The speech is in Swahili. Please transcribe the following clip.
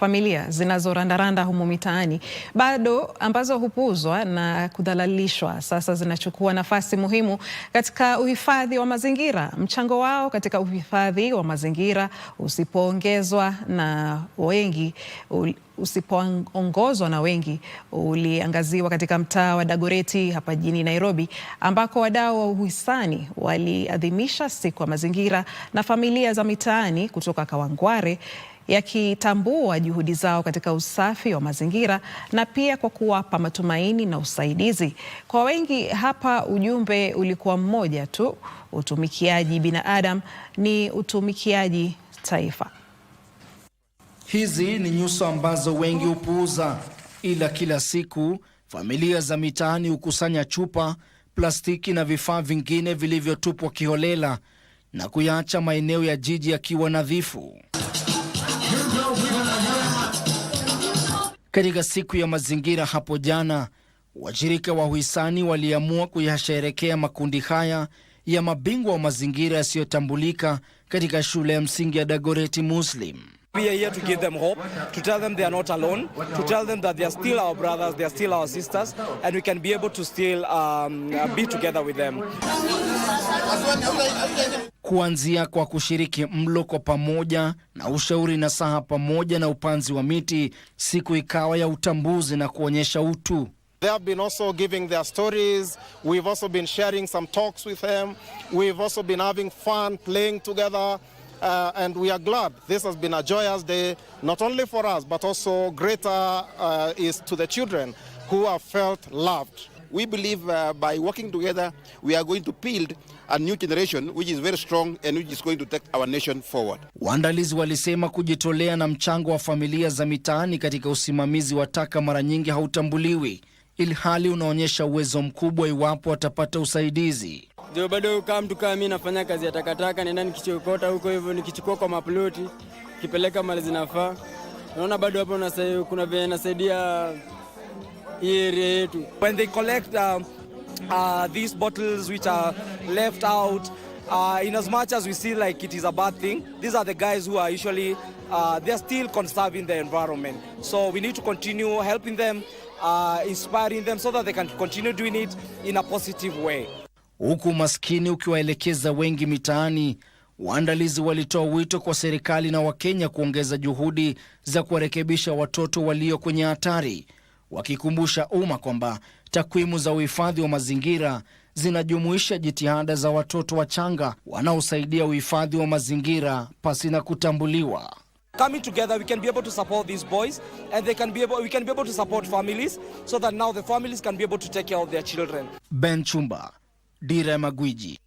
familia zinazorandaranda humu mitaani bado ambazo hupuuzwa na kudhalalishwa sasa zinachukua nafasi muhimu katika uhifadhi wa mazingira. Mchango wao katika uhifadhi wa mazingira usipoongezwa na wengi usipoongozwa na wengi uliangaziwa katika mtaa wa Dagoreti hapa jijini Nairobi, ambako wadau wa uhisani waliadhimisha siku ya mazingira na familia za mitaani kutoka Kawangware yakitambua juhudi zao katika usafi wa mazingira na pia kwa kuwapa matumaini na usaidizi. Kwa wengi hapa ujumbe ulikuwa mmoja tu, utumikiaji binadamu ni utumikiaji taifa. Hizi ni nyuso ambazo wengi hupuuza, ila kila siku familia za mitaani hukusanya chupa, plastiki na vifaa vingine vilivyotupwa kiholela na kuyaacha maeneo ya jiji yakiwa nadhifu. Katika siku ya mazingira hapo jana, washirika wa huisani waliamua kuyasherekea makundi haya ya mabingwa wa mazingira yasiyotambulika katika shule ya msingi ya Dagoreti Muslim. We are here to give them hope, to tell them they are not alone, to tell them that they are still our brothers, they are still our sisters, and we can be able to still um, uh, be together with them. Kuanzia kwa kushiriki mlo kwa pamoja na ushauri na saha pamoja na upanzi wa miti, siku ikawa ya utambuzi na kuonyesha utu. They have been also giving their stories. We've also been sharing some talks with them. We've also been having fun playing together. Uh, and we are glad this has been a joyous day, not only for us, but also greater uh, is to the children who have felt loved. We believe uh, by working together, we are going to build a new generation which is very strong and which is going to take our nation forward. Waandalizi walisema kujitolea na mchango wa familia za mitaani katika usimamizi wa taka mara nyingi hautambuliwi, ilhali unaonyesha uwezo mkubwa iwapo watapata usaidizi ndio bado kama mtu kama mimi nafanya kazi ya takataka, nenda nikichokota huko hivyo, nikichukua kwa maploti, kipeleka mali zinafaa. Naona bado hapo kuna vile nasaidia hii area yetu. When they collect uh, uh, these bottles which are left out uh, in as much as we see like it is a bad thing, these are the guys who are usually uh, they are still conserving the environment. So we need to continue helping them, uh, inspiring them so that they can continue doing it in a positive way huku umaskini ukiwaelekeza wengi mitaani. Waandalizi walitoa wito kwa serikali na Wakenya kuongeza juhudi za kuwarekebisha watoto walio kwenye hatari, wakikumbusha umma kwamba takwimu za uhifadhi wa mazingira zinajumuisha jitihada za watoto wachanga wanaosaidia uhifadhi wa mazingira pasi na kutambuliwa. Coming together we can be able to support these boys and they can be able, we can be able to support families so that now the families can be able to take care of their children. Ben Chumba Dira ya magwiji